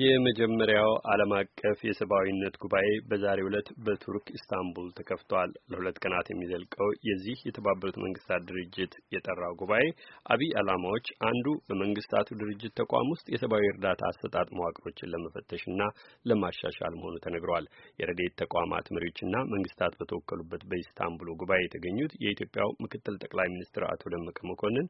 የመጀመሪያው ዓለም አቀፍ የሰብአዊነት ጉባኤ በዛሬው ዕለት በቱርክ ኢስታንቡል ተከፍቷል። ለሁለት ቀናት የሚዘልቀው የዚህ የተባበሩት መንግስታት ድርጅት የጠራው ጉባኤ አብይ ዓላማዎች አንዱ በመንግስታቱ ድርጅት ተቋም ውስጥ የሰብአዊ እርዳታ አሰጣጥ መዋቅሮችን ለመፈተሽና ለማሻሻል መሆኑ ተነግሯል። የረዴት ተቋማት መሪዎችና መንግስታት በተወከሉበት በኢስታንቡሉ ጉባኤ የተገኙት የኢትዮጵያው ምክትል ጠቅላይ ሚኒስትር አቶ ደመቀ መኮንን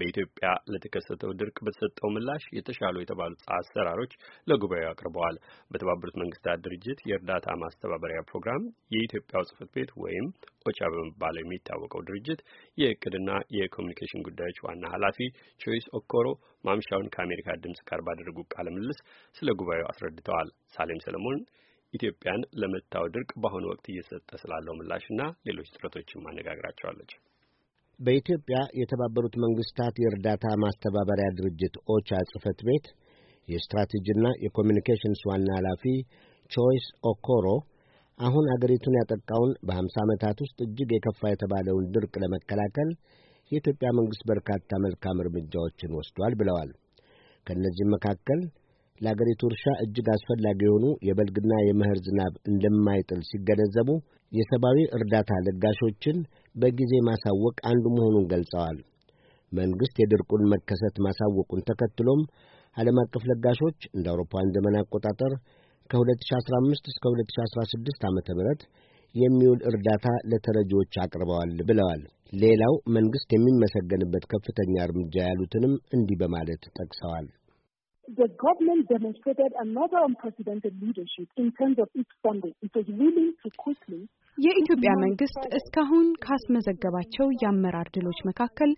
በኢትዮጵያ ለተከሰተው ድርቅ በተሰጠው ምላሽ የተሻሉ የተባሉት አሰራሮች ለጉባኤው አቅርበዋል። በተባበሩት መንግስታት ድርጅት የእርዳታ ማስተባበሪያ ፕሮግራም የኢትዮጵያው ጽህፈት ቤት ወይም ኦቻ በመባል የሚታወቀው ድርጅት የእቅድና የኮሚኒኬሽን ጉዳዮች ዋና ኃላፊ ቾይስ ኦኮሮ ማምሻውን ከአሜሪካ ድምጽ ጋር ባደረጉ ቃለ ምልልስ ስለ ጉባኤው አስረድተዋል። ሳሌም ሰለሞን ኢትዮጵያን ለመታው ድርቅ በአሁኑ ወቅት እየሰጠ ስላለው ምላሽና ሌሎች ጥረቶችም አነጋግራቸዋለች። በኢትዮጵያ የተባበሩት መንግስታት የእርዳታ ማስተባበሪያ ድርጅት ኦቻ ጽህፈት ቤት የስትራቴጂና የኮሚኒኬሽንስ ዋና ኃላፊ ቾይስ ኦኮሮ አሁን አገሪቱን ያጠቃውን በ ዓመታት ውስጥ እጅግ የከፋ የተባለውን ድርቅ ለመከላከል የኢትዮጵያ መንግሥት በርካታ መልካም እርምጃዎችን ወስዷል ብለዋል። ከእነዚህም መካከል ለአገሪቱ እርሻ እጅግ አስፈላጊ የሆኑ የበልግና የመኸር ዝናብ እንደማይጥል ሲገነዘቡ የሰብአዊ እርዳታ ለጋሾችን በጊዜ ማሳወቅ አንዱ መሆኑን ገልጸዋል። መንግሥት የድርቁን መከሰት ማሳወቁን ተከትሎም ዓለም አቀፍ ለጋሾች እንደ አውሮፓውያን ዘመን አቆጣጠር ከ2015 እስከ 2016 ዓ ም የሚውል እርዳታ ለተረጂዎች አቅርበዋል ብለዋል። ሌላው መንግሥት የሚመሰገንበት ከፍተኛ እርምጃ ያሉትንም እንዲህ በማለት ጠቅሰዋል። The government demonstrated another unprecedented leadership in terms of its funding. It was willing to quickly የኢትዮጵያ መንግስት እስካሁን ካስመዘገባቸው የአመራር ድሎች መካከል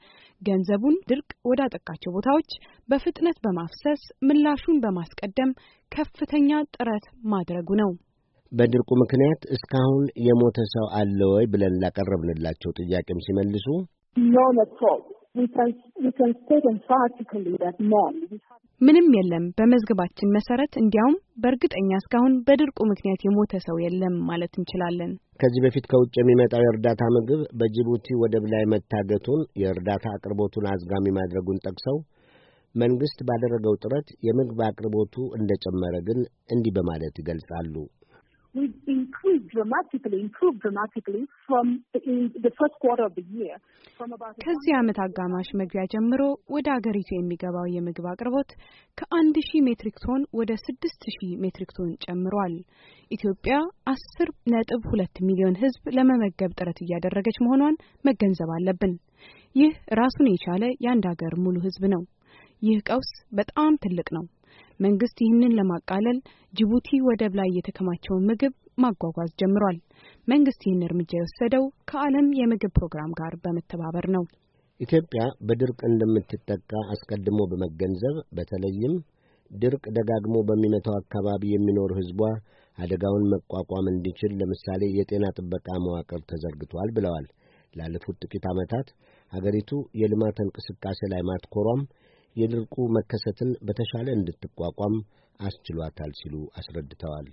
ገንዘቡን ድርቅ ወዳጠቃቸው ቦታዎች በፍጥነት በማፍሰስ ምላሹን በማስቀደም ከፍተኛ ጥረት ማድረጉ ነው። በድርቁ ምክንያት እስካሁን የሞተ ሰው አለ ወይ ብለን ላቀረብንላቸው ጥያቄም ሲመልሱ ምንም የለም በመዝገባችን መሰረት እንዲያውም በእርግጠኛ እስካሁን በድርቁ ምክንያት የሞተ ሰው የለም ማለት እንችላለን። ከዚህ በፊት ከውጭ የሚመጣው የእርዳታ ምግብ በጅቡቲ ወደብ ላይ መታገቱን የእርዳታ አቅርቦቱን አዝጋሚ ማድረጉን ጠቅሰው መንግሥት ባደረገው ጥረት የምግብ አቅርቦቱ እንደጨመረ ግን እንዲህ በማለት ይገልጻሉ። we've increased dramatically, improved dramatically from the first quarter of the year. ከዚህ ዓመት አጋማሽ መግቢያ ጀምሮ ወደ አገሪቱ የሚገባው የምግብ አቅርቦት ከአንድ ሺህ ሜትሪክ ቶን ወደ ስድስት ሺህ ሜትሪክ ቶን ጨምሯል። ኢትዮጵያ አስር ነጥብ ሁለት ሚሊዮን ሕዝብ ለመመገብ ጥረት እያደረገች መሆኗን መገንዘብ አለብን። ይህ ራሱን የቻለ የአንድ አገር ሙሉ ሕዝብ ነው። ይህ ቀውስ በጣም ትልቅ ነው። መንግስት ይህንን ለማቃለል ጅቡቲ ወደብ ላይ የተከማቸውን ምግብ ማጓጓዝ ጀምሯል። መንግስት ይህን እርምጃ የወሰደው ከዓለም የምግብ ፕሮግራም ጋር በመተባበር ነው። ኢትዮጵያ በድርቅ እንደምትጠቃ አስቀድሞ በመገንዘብ በተለይም ድርቅ ደጋግሞ በሚመታው አካባቢ የሚኖር ህዝቧ አደጋውን መቋቋም እንዲችል ለምሳሌ የጤና ጥበቃ መዋቅር ተዘርግቷል ብለዋል። ላለፉት ጥቂት ዓመታት አገሪቱ የልማት እንቅስቃሴ ላይ ማትኮሯም የድርቁ መከሰትን በተሻለ እንድትቋቋም አስችሏታል ሲሉ አስረድተዋል።